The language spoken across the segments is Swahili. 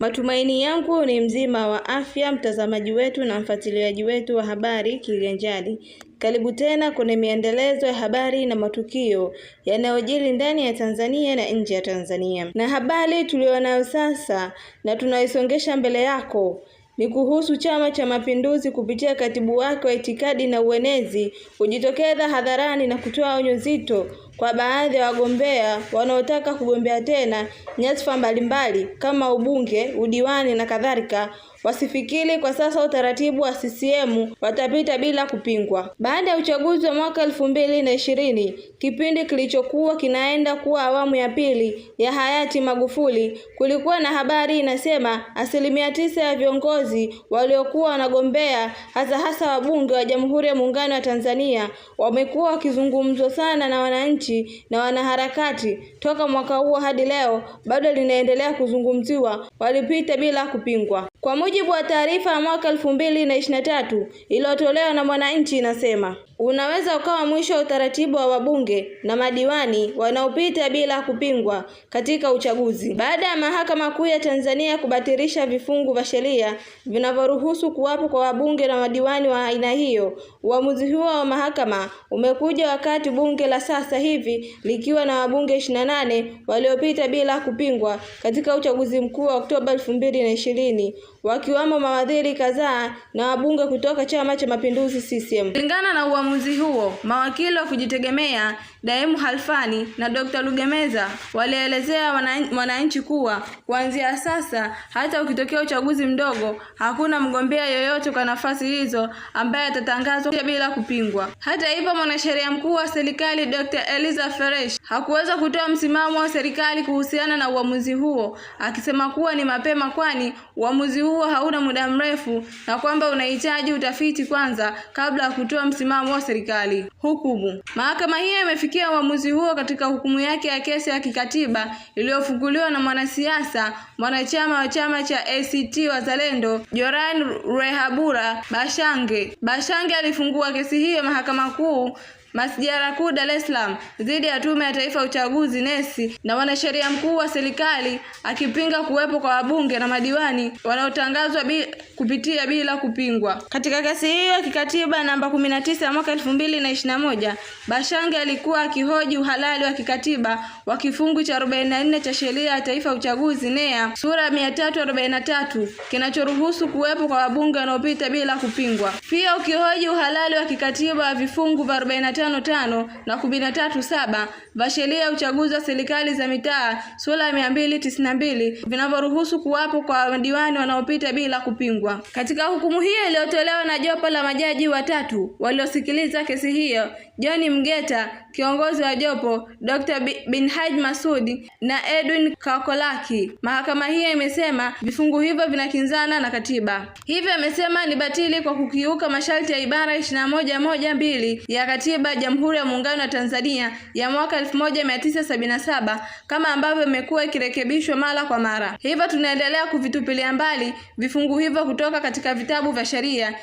Matumaini yangu ni mzima wa afya, mtazamaji wetu na mfuatiliaji wetu wa Habari Kiganjani. Karibu tena kwenye miendelezo ya habari na matukio yanayojiri ndani ya Tanzania na nje ya Tanzania, na habari tuliyonayo sasa na tunaisongesha mbele yako ni kuhusu Chama cha Mapinduzi kupitia katibu wake wa itikadi na uenezi kujitokeza hadharani na kutoa onyo zito kwa baadhi ya wagombea wanaotaka kugombea tena nyadhifa mbalimbali kama ubunge, udiwani na kadhalika wasifikiri kwa sasa utaratibu wa CCM watapita bila kupingwa. Baada ya uchaguzi wa mwaka elfu mbili na ishirini, kipindi kilichokuwa kinaenda kuwa awamu ya pili ya hayati Magufuli, kulikuwa na habari inasema asilimia tisa ya viongozi waliokuwa wanagombea hasa hasa wabunge wa Jamhuri ya Muungano wa Tanzania wamekuwa wakizungumzwa sana na wananchi na wanaharakati toka mwaka huo hadi leo bado linaendelea kuzungumziwa, walipita bila kupingwa. Kwa mujibu wa taarifa ya mwaka elfu mbili na ishirini na tatu iliyotolewa na Mwananchi inasema unaweza ukawa mwisho wa utaratibu wa wabunge na madiwani wanaopita bila kupingwa katika uchaguzi. Baada ya Mahakama Kuu ya Tanzania kubatilisha vifungu vya sheria vinavyoruhusu kuwapo kwa wabunge na madiwani wa aina hiyo, uamuzi huo wa mahakama umekuja wakati bunge la sasa hivi likiwa na wabunge 28 waliopita bila kupingwa katika uchaguzi mkuu wa Oktoba 2020 wakiwamo mawaziri kadhaa na wabunge kutoka Chama cha Mapinduzi CCM. Kulingana na uamuzi uamuzi huo mawakili wa kujitegemea Daimu halfani na Dr. Lugemeza walielezea wananchi kuwa kuanzia sasa hata ukitokea uchaguzi mdogo, hakuna mgombea yoyote kwa nafasi hizo ambaye atatangazwa bila kupingwa. Hata hivyo, mwanasheria mkuu wa serikali Dr. Eliza Feresh hakuweza kutoa msimamo wa serikali kuhusiana na uamuzi huo, akisema kuwa ni mapema, kwani uamuzi huo hauna muda mrefu na kwamba unahitaji utafiti kwanza kabla ya kutoa msimamo wa serikali. Hukumu mahakama hiyo imefikia kufikia uamuzi huo katika hukumu yake ya kesi ya kikatiba iliyofunguliwa na mwanasiasa mwanachama wa chama cha ACT Wazalendo Joran Rehabura Bashange. Bashange alifungua kesi hiyo mahakama kuu Masijara Kuu Dar es Salaam dhidi ya Tume ya Taifa ya Uchaguzi nesi na wanasheria mkuu wa serikali akipinga kuwepo kwa wabunge na madiwani wanaotangazwa bi, kupitia bila kupingwa. Katika kesi hiyo ya kikatiba namba kumi na tisa ya mwaka elfu mbili na ishirini na moja Bashange alikuwa akihoji uhalali wa kikatiba wa kifungu cha arobaini na nne cha sheria ya taifa ya uchaguzi NEA sura ya mia tatu arobaini na tatu kinachoruhusu kuwepo kwa wabunge wanaopita bila kupingwa, pia ukihoji uhalali wa kikatiba wa vifungu vya arobaini tano tano na kumi na tatu saba vya sheria ya uchaguzi wa serikali za mitaa sura ya mia mbili tisini na mbili vinavyoruhusu kuwapo kwa madiwani wanaopita bila kupingwa. Katika hukumu hiyo iliyotolewa na jopo la majaji watatu waliosikiliza kesi hiyo, John Mgeta kiongozi wa jopo, Dr. Binhaj Masudi na Edwin Kakolaki, mahakama hiyo imesema vifungu hivyo vinakinzana na katiba, hivyo imesema ni batili kwa kukiuka masharti ya ibara ishirini na moja moja mbili ya katiba Katiba ya Jamhuri ya Muungano wa Tanzania ya mwaka 1977 kama ambavyo imekuwa ikirekebishwa mara kwa mara. Hivyo tunaendelea kuvitupilia mbali vifungu hivyo kutoka katika vitabu vya sheria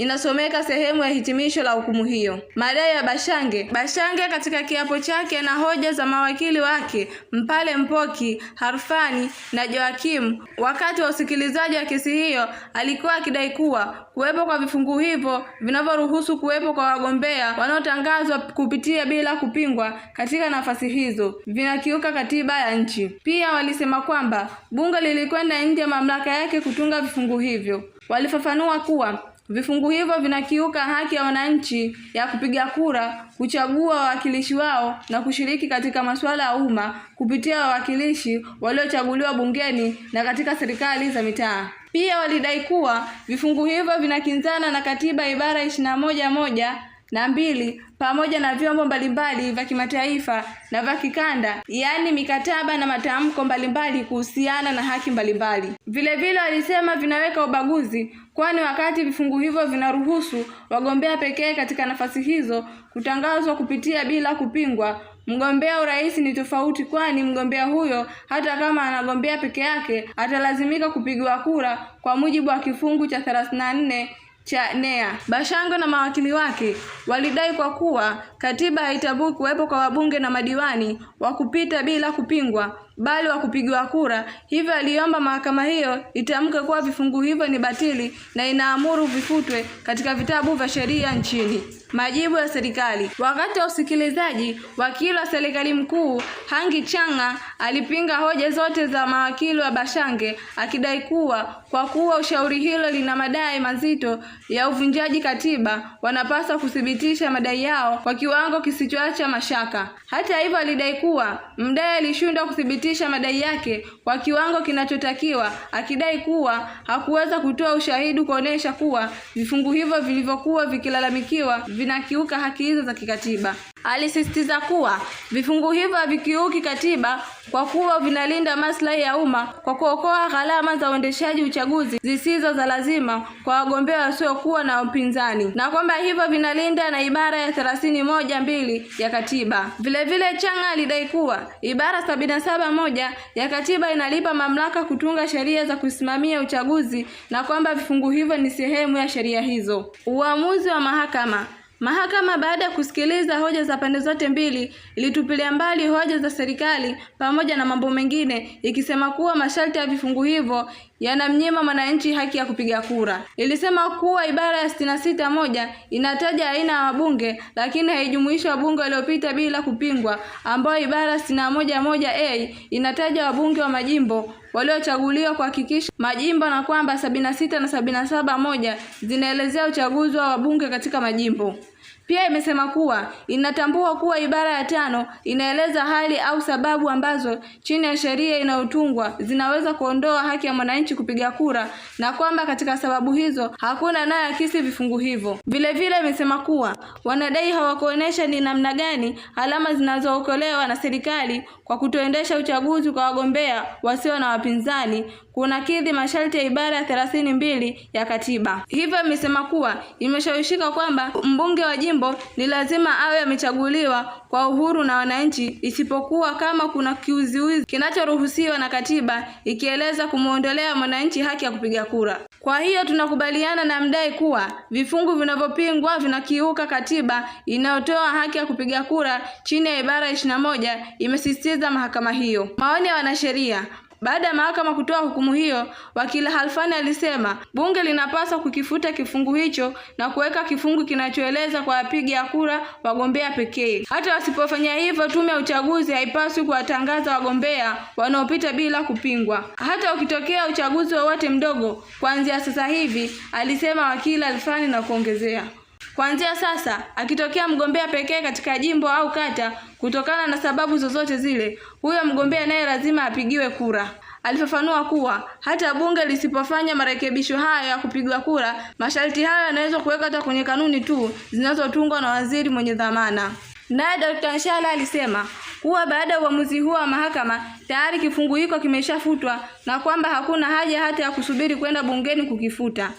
inasomeka sehemu ya hitimisho la hukumu hiyo. Madai ya Bashange. Bashange katika kiapo chake na hoja za mawakili wake Mpale Mpoki, Harfani na Joakimu wakati wa usikilizaji wa kesi hiyo alikuwa akidai kuwa kuwepo kwa vifungu hivyo vinavyoruhusu kuwepo kwa wagombea wanaotangazwa kupitia bila kupingwa katika nafasi hizo vinakiuka katiba ya nchi. Pia walisema kwamba bunge lilikwenda nje ya mamlaka yake kutunga vifungu hivyo. Walifafanua kuwa Vifungu hivyo vinakiuka haki ya wananchi ya kupiga kura, kuchagua wawakilishi wao na kushiriki katika masuala ya umma kupitia wawakilishi waliochaguliwa bungeni na katika serikali za mitaa. Pia walidai kuwa vifungu hivyo vinakinzana na katiba ibara ishirini na moja moja na mbili pamoja na vyombo mbalimbali vya kimataifa na vya kikanda, yaani mikataba na matamko mbalimbali kuhusiana na haki mbalimbali. Vilevile walisema vinaweka ubaguzi, kwani wakati vifungu hivyo vinaruhusu wagombea pekee katika nafasi hizo kutangazwa kupitia bila kupingwa, mgombea urais ni tofauti, kwani mgombea huyo hata kama anagombea peke yake atalazimika kupigiwa kura kwa mujibu wa kifungu cha thelathini na nne cha NEA. Bashangwe na mawakili wake walidai kwa kuwa katiba haitambui kuwepo kwa wabunge na madiwani wa kupita bila kupingwa bali wa kupigiwa kura, hivyo aliomba mahakama hiyo itamke kuwa vifungu hivyo ni batili na inaamuru vifutwe katika vitabu vya sheria nchini. Majibu ya serikali. Wakati wa usikilizaji, wakili wa serikali mkuu Hangi Changa alipinga hoja zote za mawakili wa Bashange akidai kuwa kwa kuwa ushauri hilo lina madai mazito ya uvunjaji katiba, wanapaswa kuthibitisha madai yao kwa kiwango kisichoacha mashaka. Hata hivyo, alidai kuwa mdai alishindwa kuthibitisha kuthibitisha madai yake kwa kiwango kinachotakiwa, akidai kuwa hakuweza kutoa ushahidi kuonesha kuwa vifungu hivyo vilivyokuwa vikilalamikiwa vinakiuka haki hizo za kikatiba. Alisisitiza kuwa vifungu hivyo havikiuki katiba kwa kuwa vinalinda maslahi ya umma kwa kuokoa gharama za uendeshaji uchaguzi zisizo za lazima kwa wagombea wasiokuwa na upinzani na kwamba hivyo vinalinda na ibara ya thelathini moja mbili ya katiba. Vilevile vile Chang'a alidai kuwa ibara sabini na saba moja ya katiba inalipa mamlaka kutunga sheria za kusimamia uchaguzi na kwamba vifungu hivyo ni sehemu ya sheria hizo. Uamuzi wa mahakama Mahakama baada ya kusikiliza hoja za pande zote mbili ilitupilia mbali hoja za serikali pamoja na mambo mengine ikisema kuwa masharti ya vifungu hivyo yanamnyima mwananchi haki ya kupiga kura. Ilisema kuwa ibara ya sitini na sita moja inataja aina ya wabunge lakini haijumuishi wabunge waliopita bila kupingwa, ambayo ibara sitini na moja moja a inataja wabunge wa majimbo waliochaguliwa kuhakikisha majimbo na kwamba sabini na sita na sabini na saba moja zinaelezea uchaguzi wa wabunge katika majimbo. Pia imesema kuwa inatambua kuwa ibara ya tano inaeleza hali au sababu ambazo chini ya sheria inayotungwa zinaweza kuondoa haki ya mwananchi kupiga kura na kwamba katika sababu hizo hakuna akisi vifungu hivyo. Vilevile imesema kuwa wanadai hawakuonyesha ni namna gani alama zinazookolewa na serikali kwa kutoendesha uchaguzi kwa wagombea wasio na wapinzani kuna kidhi masharti ya ibara ya thelathini mbili ya katiba. Hivyo imesema kuwa imeshawishika kwamba mbunge wa jimbo jimbo ni lazima awe amechaguliwa kwa uhuru na wananchi, isipokuwa kama kuna kiuziuzi kinachoruhusiwa na katiba ikieleza kumwondolea mwananchi haki ya kupiga kura. Kwa hiyo tunakubaliana na mdai kuwa vifungu vinavyopingwa vinakiuka katiba inayotoa haki ya kupiga kura chini ya ibara ishirini na moja, imesisitiza mahakama hiyo. Maoni ya wanasheria baada ya mahakama kutoa hukumu hiyo, wakili Halfani alisema bunge linapaswa kukifuta kifungu hicho na kuweka kifungu kinachoeleza kwa wapiga kura wagombea pekee. Hata wasipofanya hivyo, tume ya uchaguzi haipaswi kuwatangaza wagombea wanaopita bila kupingwa, hata ukitokea uchaguzi wowote mdogo kuanzia sasa hivi, alisema wakili Halfani na kuongezea Kuanzia sasa, akitokea mgombea pekee katika jimbo au kata kutokana na sababu zozote zile, huyo mgombea naye lazima apigiwe kura. Alifafanua kuwa hata bunge lisipofanya marekebisho hayo ya kupigwa kura, masharti hayo yanaweza kuwekwa hata kwenye kanuni tu zinazotungwa na waziri mwenye dhamana. Naye Dr. Nshala alisema kuwa baada ya uamuzi huo wa mahakama tayari kifungu hiko kimeshafutwa na kwamba hakuna haja hata ya kusubiri kwenda bungeni kukifuta.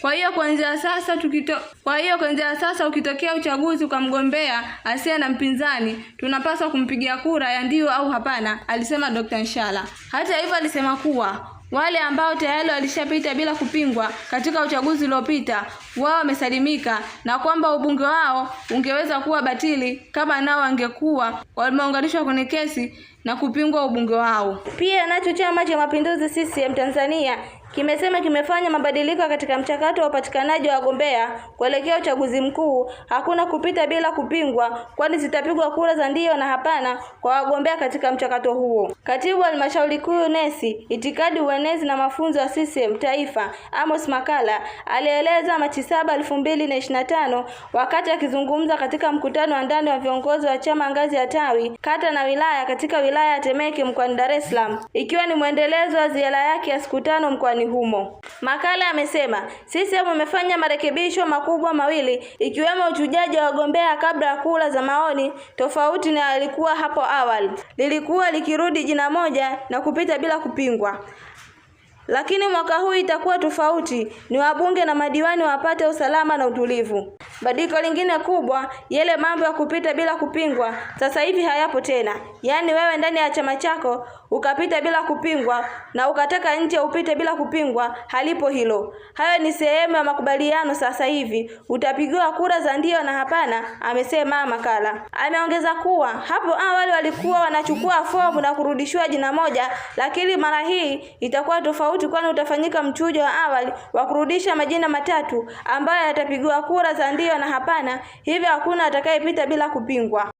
Kwa hiyo kuanzia sasa tukito, kwa hiyo kuanzia sasa ukitokea uchaguzi kwa mgombea asiye na mpinzani, tunapaswa kumpigia kura ya ndio au hapana, alisema Dr. Nshala. Hata hivyo, alisema kuwa wale ambao tayari walishapita bila kupingwa katika uchaguzi uliopita, wao wamesalimika na kwamba ubunge wao ungeweza kuwa batili kama nao wangekuwa wameunganishwa kwenye kesi na kupingwa ubunge wao. Pia nacho Chama cha Mapinduzi CCM Tanzania kimesema kimefanya mabadiliko katika mchakato wa upatikanaji wa wagombea kuelekea uchaguzi mkuu. Hakuna kupita bila kupingwa, kwani zitapigwa kura za ndio na hapana kwa wagombea katika mchakato huo. Katibu wa halmashauri kuu Nesi, itikadi, uenezi na mafunzo ya CCM Taifa, Amos Makala alieleza Machi saba elfu mbili na ishirini na tano wakati akizungumza katika mkutano wa ndani wa viongozi wa chama ngazi ya tawi, kata na wilaya katika wilaya ya Temeke mkoani Dar es Salaam, ikiwa ni mwendelezo wa ziara yake ya siku tano mkoani mkoani humo. Makala amesema CCM imefanya marekebisho makubwa mawili ikiwemo uchujaji wa wagombea kabla ya kura za maoni, tofauti na ilikuwa hapo awali, lilikuwa likirudi jina moja na kupita bila kupingwa lakini mwaka huu itakuwa tofauti, ni wabunge na madiwani wapate usalama na utulivu. Badiliko lingine kubwa, yale mambo ya kupita bila kupingwa sasa hivi hayapo tena, yaani wewe ndani ya chama chako ukapita bila kupingwa na ukataka nje upite bila kupingwa, halipo hilo. Hayo ni sehemu ya makubaliano. Sasa hivi utapigiwa kura za ndio na hapana, amesema makala Ameongeza kuwa hapo awali walikuwa wanachukua fomu na kurudishiwa jina moja, lakini mara hii itakuwa tofauti, kwani utafanyika mchujo wa awali wa kurudisha majina matatu ambayo yatapigiwa kura za ndio na hapana, hivyo hakuna atakayepita bila kupingwa.